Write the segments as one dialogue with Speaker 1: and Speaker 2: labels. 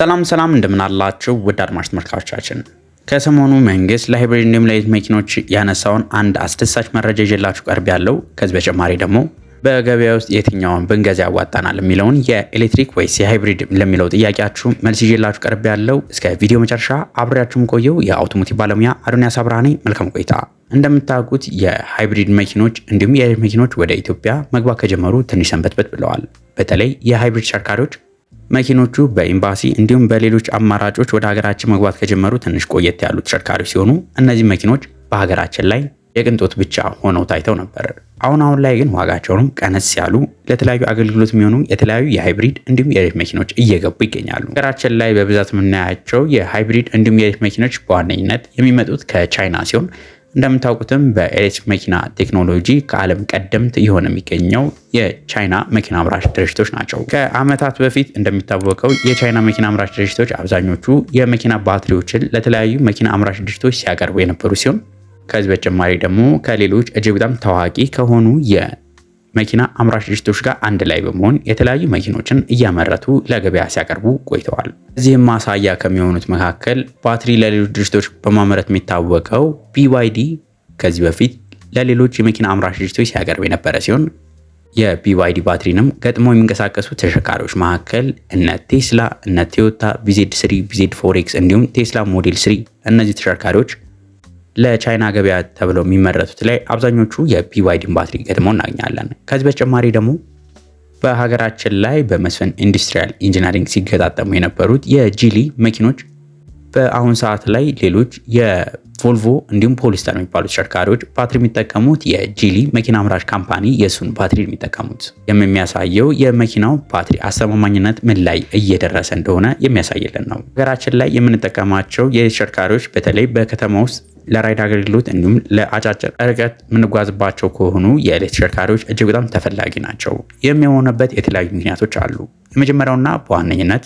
Speaker 1: ሰላም ሰላም እንደምናላችሁ ውድ አድማጭ ተመልካቾቻችን፣ ከሰሞኑ መንግስት ለሃይብሪድ እንዲሁም ለኤሌክትሪክ መኪኖች ያነሳውን አንድ አስደሳች መረጃ ይዤላችሁ ቀርብ ያለው። ከዚህ በተጨማሪ ደግሞ በገበያ ውስጥ የትኛውን ብንገዛ ያዋጣናል የሚለውን የኤሌክትሪክ ወይስ የሃይብሪድ ለሚለው ጥያቄያችሁ መልስ ይዤላችሁ ቀርብ ያለው። እስከ ቪዲዮ መጨረሻ አብሬያችሁም ቆየው። የአውቶሞቲቭ ባለሙያ አዶንያስ አብርሃኔ፣ መልካም ቆይታ። እንደምታውቁት የሃይብሪድ መኪኖች እንዲሁም የኤሌክትሪክ መኪኖች ወደ ኢትዮጵያ መግባት ከጀመሩ ትንሽ ሰንበትበት ብለዋል። በተለይ የሃይብሪድ ተሽከርካሪዎች መኪኖቹ በኤምባሲ እንዲሁም በሌሎች አማራጮች ወደ ሀገራችን መግባት ከጀመሩ ትንሽ ቆየት ያሉ ተሽከርካሪዎች ሲሆኑ እነዚህ መኪኖች በሀገራችን ላይ የቅንጦት ብቻ ሆነው ታይተው ነበር። አሁን አሁን ላይ ግን ዋጋቸውንም ቀነስ ያሉ ለተለያዩ አገልግሎት የሚሆኑ የተለያዩ የሃይብሪድ እንዲሁም የኤሌክትሪክ መኪኖች እየገቡ ይገኛሉ። ሀገራችን ላይ በብዛት የምናያቸው የሃይብሪድ እንዲሁም የኤሌክትሪክ መኪኖች በዋነኝነት የሚመጡት ከቻይና ሲሆን እንደምታውቁትም በኤሌክትሪክ መኪና ቴክኖሎጂ ከዓለም ቀደምት የሆነ የሚገኘው የቻይና መኪና አምራች ድርጅቶች ናቸው። ከዓመታት በፊት እንደሚታወቀው የቻይና መኪና አምራች ድርጅቶች አብዛኞቹ የመኪና ባትሪዎችን ለተለያዩ መኪና አምራች ድርጅቶች ሲያቀርቡ የነበሩ ሲሆን ከዚህ በተጨማሪ ደግሞ ከሌሎች እጅግ በጣም ታዋቂ ከሆኑ መኪና አምራች ድርጅቶች ጋር አንድ ላይ በመሆን የተለያዩ መኪኖችን እያመረቱ ለገበያ ሲያቀርቡ ቆይተዋል። እዚህም ማሳያ ከሚሆኑት መካከል ባትሪ ለሌሎች ድርጅቶች በማምረት የሚታወቀው ቢዋይዲ ከዚህ በፊት ለሌሎች የመኪና አምራች ድርጅቶች ሲያቀርብ የነበረ ሲሆን የቢዋይዲ ባትሪንም ገጥሞ የሚንቀሳቀሱ ተሽከርካሪዎች መካከል እነ ቴስላ፣ እነ ቶዮታ ቢዜድ ስሪ፣ ቢዜድ ፎሬክስ እንዲሁም ቴስላ ሞዴል ስሪ እነዚህ ተሽከርካሪዎች ለቻይና ገበያ ተብለው የሚመረቱት ላይ አብዛኞቹ የቢዋይዲን ባትሪ ገጥመው እናገኛለን። ከዚህ በተጨማሪ ደግሞ በሀገራችን ላይ በመስፍን ኢንዱስትሪያል ኢንጂነሪንግ ሲገጣጠሙ የነበሩት የጂሊ መኪኖች በአሁን ሰዓት ላይ ሌሎች የቮልቮ እንዲሁም ፖሊስተር የሚባሉ ተሽከርካሪዎች ባትሪ የሚጠቀሙት የጂሊ መኪና አምራች ካምፓኒ የእሱን ባትሪ የሚጠቀሙት የሚያሳየው የመኪናው ባትሪ አስተማማኝነት ምን ላይ እየደረሰ እንደሆነ የሚያሳይልን ነው። ሀገራችን ላይ የምንጠቀማቸው የተሽከርካሪዎች በተለይ በከተማ ውስጥ ለራይድ አገልግሎት እንዲሁም ለአጫጭር ርቀት የምንጓዝባቸው ከሆኑ የተሽከርካሪዎች እጅግ በጣም ተፈላጊ ናቸው። የሚሆነበት የተለያዩ ምክንያቶች አሉ። የመጀመሪያውና በዋነኝነት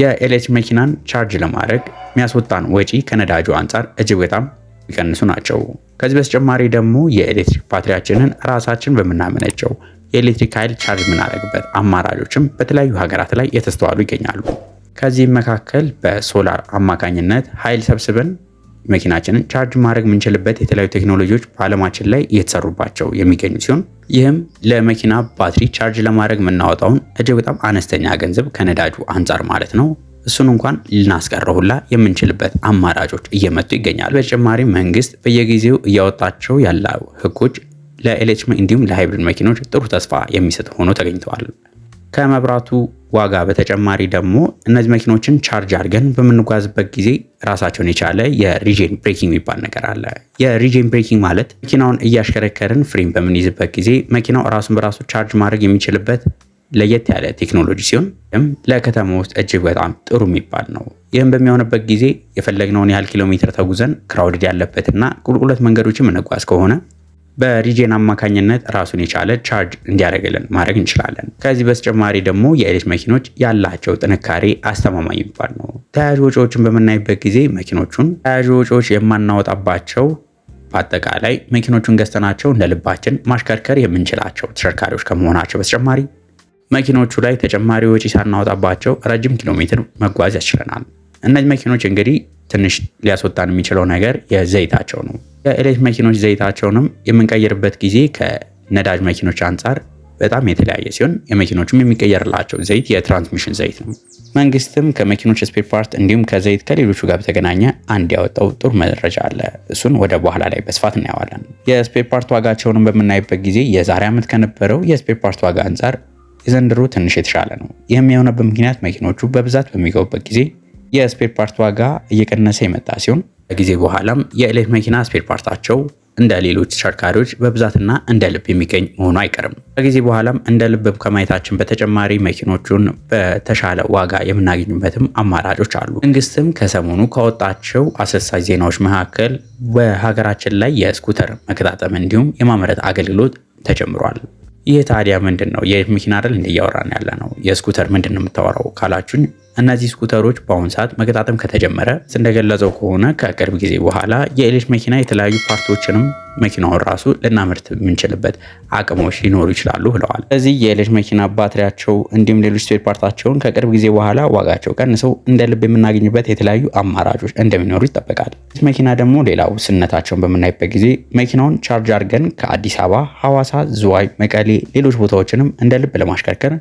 Speaker 1: የኤሌክትሪክ መኪናን ቻርጅ ለማድረግ የሚያስወጣን ወጪ ከነዳጁ አንጻር እጅግ በጣም የሚቀንሱ ናቸው። ከዚህ በተጨማሪ ደግሞ የኤሌክትሪክ ባትሪያችንን ራሳችን በምናመነጨው የኤሌክትሪክ ኃይል ቻርጅ የምናደርግበት አማራጮችም በተለያዩ ሀገራት ላይ የተስተዋሉ ይገኛሉ። ከዚህም መካከል በሶላር አማካኝነት ኃይል ሰብስበን መኪናችንን ቻርጅ ማድረግ የምንችልበት የተለያዩ ቴክኖሎጂዎች በዓለማችን ላይ እየተሰሩባቸው የሚገኙ ሲሆን ይህም ለመኪና ባትሪ ቻርጅ ለማድረግ የምናወጣውን እጅግ በጣም አነስተኛ ገንዘብ ከነዳጁ አንጻር ማለት ነው እሱን እንኳን ልናስቀረሁላ የምንችልበት አማራጮች እየመጡ ይገኛል። በተጨማሪ መንግስት በየጊዜው እያወጣቸው ያለው ህጎች ለኤሌክትሪክ እንዲሁም ለሃይብሪድ መኪኖች ጥሩ ተስፋ የሚሰጥ ሆኖ ተገኝተዋል። ከመብራቱ ዋጋ በተጨማሪ ደግሞ እነዚህ መኪኖችን ቻርጅ አድርገን በምንጓዝበት ጊዜ ራሳቸውን የቻለ የሪጄን ብሬኪንግ የሚባል ነገር አለ። የሪጀን ብሬኪንግ ማለት መኪናውን እያሽከረከርን ፍሬም በምንይዝበት ጊዜ መኪናው ራሱን በራሱ ቻርጅ ማድረግ የሚችልበት ለየት ያለ ቴክኖሎጂ ሲሆን ይህም ለከተማ ውስጥ እጅግ በጣም ጥሩ የሚባል ነው። ይህም በሚሆንበት ጊዜ የፈለግነውን ያህል ኪሎ ሜትር ተጉዘን ክራውድድ ያለበትና ቁልቁለት መንገዶችም እንጓዝ ከሆነ በሪጄን አማካኝነት ራሱን የቻለ ቻርጅ እንዲያደርግልን ማድረግ እንችላለን። ከዚህ በተጨማሪ ደግሞ የኤሌት መኪኖች ያላቸው ጥንካሬ አስተማማኝ የሚባል ነው። ተያያዥ ወጪዎችን በምናይበት ጊዜ መኪኖቹን ተያያዥ ወጪዎች የማናወጣባቸው በአጠቃላይ መኪኖቹን ገዝተናቸው እንደ ልባችን ማሽከርከር የምንችላቸው ተሽከርካሪዎች ከመሆናቸው በተጨማሪ መኪኖቹ ላይ ተጨማሪ ወጪ ሳናወጣባቸው ረጅም ኪሎ ሜትር መጓዝ ያስችለናል። እነዚህ መኪኖች እንግዲህ ትንሽ ሊያስወጣን የሚችለው ነገር የዘይታቸው ነው። የኤሌክትሪክ መኪኖች ዘይታቸውንም የምንቀይርበት ጊዜ ከነዳጅ መኪኖች አንጻር በጣም የተለያየ ሲሆን የመኪኖችም የሚቀየርላቸው ዘይት የትራንስሚሽን ዘይት ነው። መንግስትም ከመኪኖች ስፔር ፓርት እንዲሁም ከዘይት ከሌሎቹ ጋር በተገናኘ አንድ ያወጣው ጥሩ መረጃ አለ። እሱን ወደ በኋላ ላይ በስፋት እናየዋለን። የስፔር ፓርት ዋጋቸውንም በምናይበት ጊዜ የዛሬ ዓመት ከነበረው የስፔር ፓርት ዋጋ አንጻር የዘንድሮ ትንሽ የተሻለ ነው። ይህም የሆነበት ምክንያት መኪኖቹ በብዛት በሚገቡበት ጊዜ የስፔር ፓርት ዋጋ እየቀነሰ የመጣ ሲሆን ከጊዜ በኋላም የኤሌት መኪና ስፔር ፓርታቸው እንደ ሌሎች ተሽከርካሪዎች በብዛትና እንደ ልብ የሚገኝ መሆኑ አይቀርም። ከጊዜ በኋላም እንደ ልብ ከማየታችን በተጨማሪ መኪኖቹን በተሻለ ዋጋ የምናገኙበትም አማራጮች አሉ። መንግስትም ከሰሞኑ ካወጣቸው አስደሳች ዜናዎች መካከል በሀገራችን ላይ የስኩተር መገጣጠም እንዲሁም የማምረት አገልግሎት ተጀምሯል። ይህ ታዲያ ምንድን ነው? የመኪና አይደል እንዲያወራን ያለ ነው። የስኩተር ምንድን ነው የምታወራው ካላችሁኝ እነዚህ ስኩተሮች በአሁኑ ሰዓት መገጣጠም ከተጀመረ እንደገለጸው ከሆነ ከቅርብ ጊዜ በኋላ የኤሌክትሪክ መኪና የተለያዩ ፓርቶችንም መኪናውን ራሱ ልናምርት የምንችልበት አቅሞች ሊኖሩ ይችላሉ ብለዋል። ስለዚህ የኤሌክትሪክ መኪና ባትሪያቸው፣ እንዲሁም ሌሎች ስፔር ፓርታቸውን ከቅርብ ጊዜ በኋላ ዋጋቸው ቀንሰው እንደ ልብ የምናገኝበት የተለያዩ አማራጮች እንደሚኖሩ ይጠበቃል። መኪና ደግሞ ሌላው ስነታቸውን በምናይበት ጊዜ መኪናውን ቻርጅ አድርገን ከአዲስ አበባ፣ ሐዋሳ፣ ዝዋይ፣ መቀሌ፣ ሌሎች ቦታዎችንም እንደ ልብ ለማሽከርከር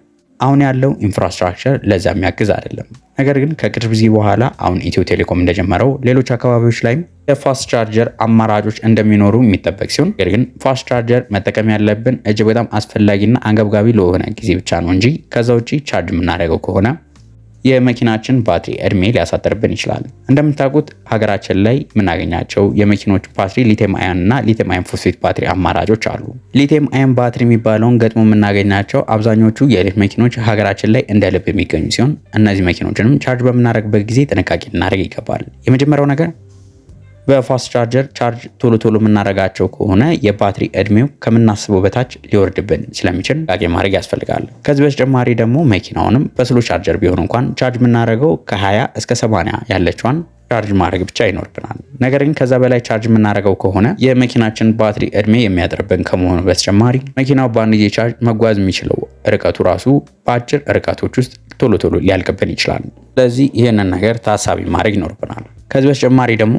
Speaker 1: አሁን ያለው ኢንፍራስትራክቸር ለዛ የሚያግዝ አይደለም። ነገር ግን ከቅርብ ጊዜ በኋላ አሁን ኢትዮ ቴሌኮም እንደጀመረው ሌሎች አካባቢዎች ላይም የፋስት ቻርጀር አማራጮች እንደሚኖሩ የሚጠበቅ ሲሆን ነገር ግን ፋስት ቻርጀር መጠቀም ያለብን እጅግ በጣም አስፈላጊና አንገብጋቢ ለሆነ ጊዜ ብቻ ነው እንጂ ከዛ ውጭ ቻርጅ የምናደርገው ከሆነ የመኪናችን ባትሪ እድሜ ሊያሳጥርብን ይችላል። እንደምታውቁት ሀገራችን ላይ የምናገኛቸው የመኪኖች ባትሪ ሊቴም አያን እና ሊቴም አያን ፎስፌት ባትሪ አማራጮች አሉ። ሊቴም አያን ባትሪ የሚባለውን ገጥሞ የምናገኛቸው አብዛኞቹ የኤሌክትሪክ መኪኖች ሀገራችን ላይ እንደ ልብ የሚገኙ ሲሆን እነዚህ መኪኖችንም ቻርጅ በምናደርግበት ጊዜ ጥንቃቄ ልናደርግ ይገባል። የመጀመሪያው ነገር በፋስት ቻርጀር ቻርጅ ቶሎ ቶሎ የምናደርጋቸው ከሆነ የባትሪ እድሜው ከምናስበው በታች ሊወርድብን ስለሚችል ጥንቃቄ ማድረግ ያስፈልጋል። ከዚህ በተጨማሪ ደግሞ መኪናውንም በስሎ ቻርጀር ቢሆን እንኳን ቻርጅ የምናደርገው ከ20 እስከ 80 ያለችዋን ቻርጅ ማድረግ ብቻ ይኖርብናል። ነገር ግን ከዛ በላይ ቻርጅ የምናደርገው ከሆነ የመኪናችን ባትሪ እድሜ የሚያጥርብን ከመሆኑ በተጨማሪ መኪናው በአንድ ጊዜ ቻርጅ መጓዝ የሚችለው ርቀቱ ራሱ በአጭር ርቀቶች ውስጥ ቶሎ ቶሎ ሊያልቅብን ይችላል። ስለዚህ ይህንን ነገር ታሳቢ ማድረግ ይኖርብናል። ከዚህ በተጨማሪ ደግሞ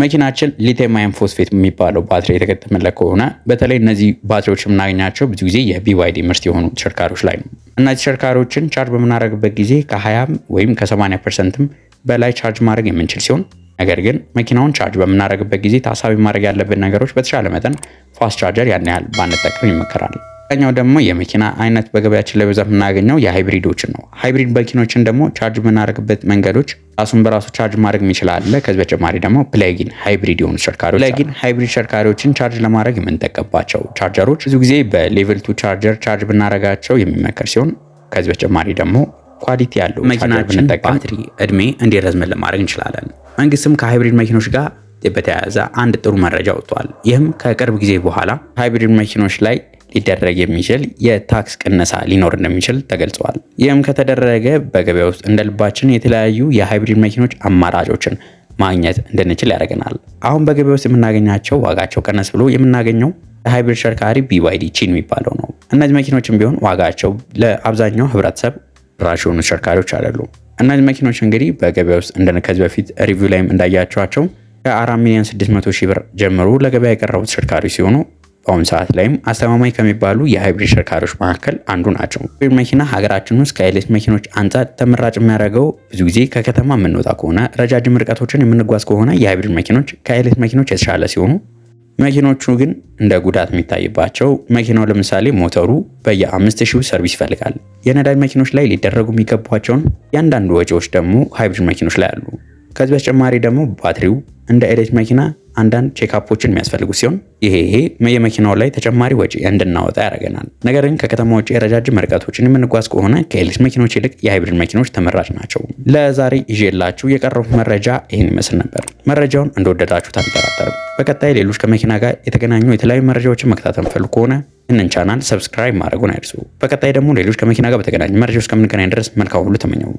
Speaker 1: መኪናችን ሊቲየም አየን ፎስፌት የሚባለው ባትሪ የተገጠመለት ከሆነ በተለይ እነዚህ ባትሪዎች የምናገኛቸው ብዙ ጊዜ የቢዋይዲ ምርት የሆኑ ተሽከርካሪዎች ላይ ነው። እና ተሽከርካሪዎችን ቻርጅ በምናደርግበት ጊዜ ከ20 ወይም ከ80 ፐርሰንትም በላይ ቻርጅ ማድረግ የምንችል ሲሆን ነገር ግን መኪናውን ቻርጅ በምናደርግበት ጊዜ ታሳቢ ማድረግ ያለብን ነገሮች በተሻለ መጠን ፋስት ቻርጀር ያን ያህል ባንጠቀም ይመከራል። ሌላኛው ደግሞ የመኪና አይነት በገበያችን ላይ በብዛት የምናገኘው የሃይብሪዶችን ነው። ሃይብሪድ መኪኖችን ደግሞ ቻርጅ የምናደርግበት መንገዶች ራሱን በራሱ ቻርጅ ማድረግ የሚችላለ። ከዚህ በተጨማሪ ደግሞ ፕለጊን ሃይብሪድ የሆኑ ተሽከርካሪዎች ፕለጊን ሃይብሪድ ተሽከርካሪዎችን ቻርጅ ለማድረግ የምንጠቀባቸው ቻርጀሮች ብዙ ጊዜ በሌቨል ቱ ቻርጀር ቻርጅ ብናደርጋቸው የሚመከር ሲሆን ከዚህ በተጨማሪ ደግሞ ኳሊቲ ያለው መኪናችን ባትሪ እድሜ እንዲረዝምን ለማድረግ እንችላለን። መንግስትም ከሃይብሪድ መኪኖች ጋር በተያያዘ አንድ ጥሩ መረጃ ወጥቷል። ይህም ከቅርብ ጊዜ በኋላ ሃይብሪድ መኪኖች ላይ ሊደረግ የሚችል የታክስ ቅነሳ ሊኖር እንደሚችል ተገልጿል። ይህም ከተደረገ በገበያ ውስጥ እንደ ልባችን የተለያዩ የሃይብሪድ መኪኖች አማራጮችን ማግኘት እንድንችል ያደርገናል። አሁን በገበያ ውስጥ የምናገኛቸው ዋጋቸው ቀነስ ብሎ የምናገኘው ሃይብሪድ ተሽከርካሪ ቢዋይዲ ቺን የሚባለው ነው። እነዚህ መኪኖችን ቢሆን ዋጋቸው ለአብዛኛው ህብረተሰብ ራሽ የሆኑ ተሽከርካሪዎች አይደሉም። እነዚህ መኪኖች እንግዲህ በገበያ ውስጥ እንደ ከዚህ በፊት ሪቪው ላይም እንዳያቸዋቸው ከ4 ሚሊዮን 600 ሺህ ብር ጀምሮ ለገበያ የቀረቡ ተሽከርካሪ ሲሆኑ በአሁኑ ሰዓት ላይም አስተማማኝ ከሚባሉ የሃይብሪድ ተሽከርካሪዎች መካከል አንዱ ናቸው። ሃይብሪድ መኪና ሀገራችን ውስጥ ከኤሌክትሪክ መኪኖች አንጻር ተመራጭ የሚያደርገው ብዙ ጊዜ ከከተማ የምንወጣ ከሆነ ረጃጅም ርቀቶችን የምንጓዝ ከሆነ የሃይብሪድ መኪኖች ከኤሌክትሪክ መኪኖች የተሻለ ሲሆኑ መኪኖቹ ግን እንደ ጉዳት የሚታይባቸው መኪናው ለምሳሌ ሞተሩ በየአምስት ሺህ ሰርቪስ ይፈልጋል። የነዳጅ መኪኖች ላይ ሊደረጉ የሚገባቸውን ያንዳንዱ ወጪዎች ደግሞ ሃይብሪድ መኪኖች ላይ አሉ። ከዚህ በተጨማሪ ደግሞ ባትሪው እንደ ኤሌክትሪክ መኪና አንዳንድ ቼክአፖችን የሚያስፈልጉ ሲሆን ይሄ ይሄ የመኪናው ላይ ተጨማሪ ወጪ እንድናወጣ ያደርገናል። ነገር ግን ከከተማ ውጭ ረጃጅም ርቀቶችን የምንጓዝ ከሆነ ከኤሌክትሪክ መኪኖች ይልቅ የሃይብሪድ መኪኖች ተመራጭ ናቸው። ለዛሬ ይዤላችሁ የቀረቡ መረጃ ይህን ይመስል ነበር። መረጃውን እንደወደዳችሁ አልጠራጠርም። በቀጣይ ሌሎች ከመኪና ጋር የተገናኙ የተለያዩ መረጃዎችን መከታተል ፈልጉ ከሆነ እንን ቻናል ሰብስክራይብ ማድረጉን አይርሱ። በቀጣይ ደግሞ ሌሎች ከመኪና ጋር በተገናኙ መረጃዎች እስከምንገናኝ ድረስ መልካም ሁሉ ተመኘው።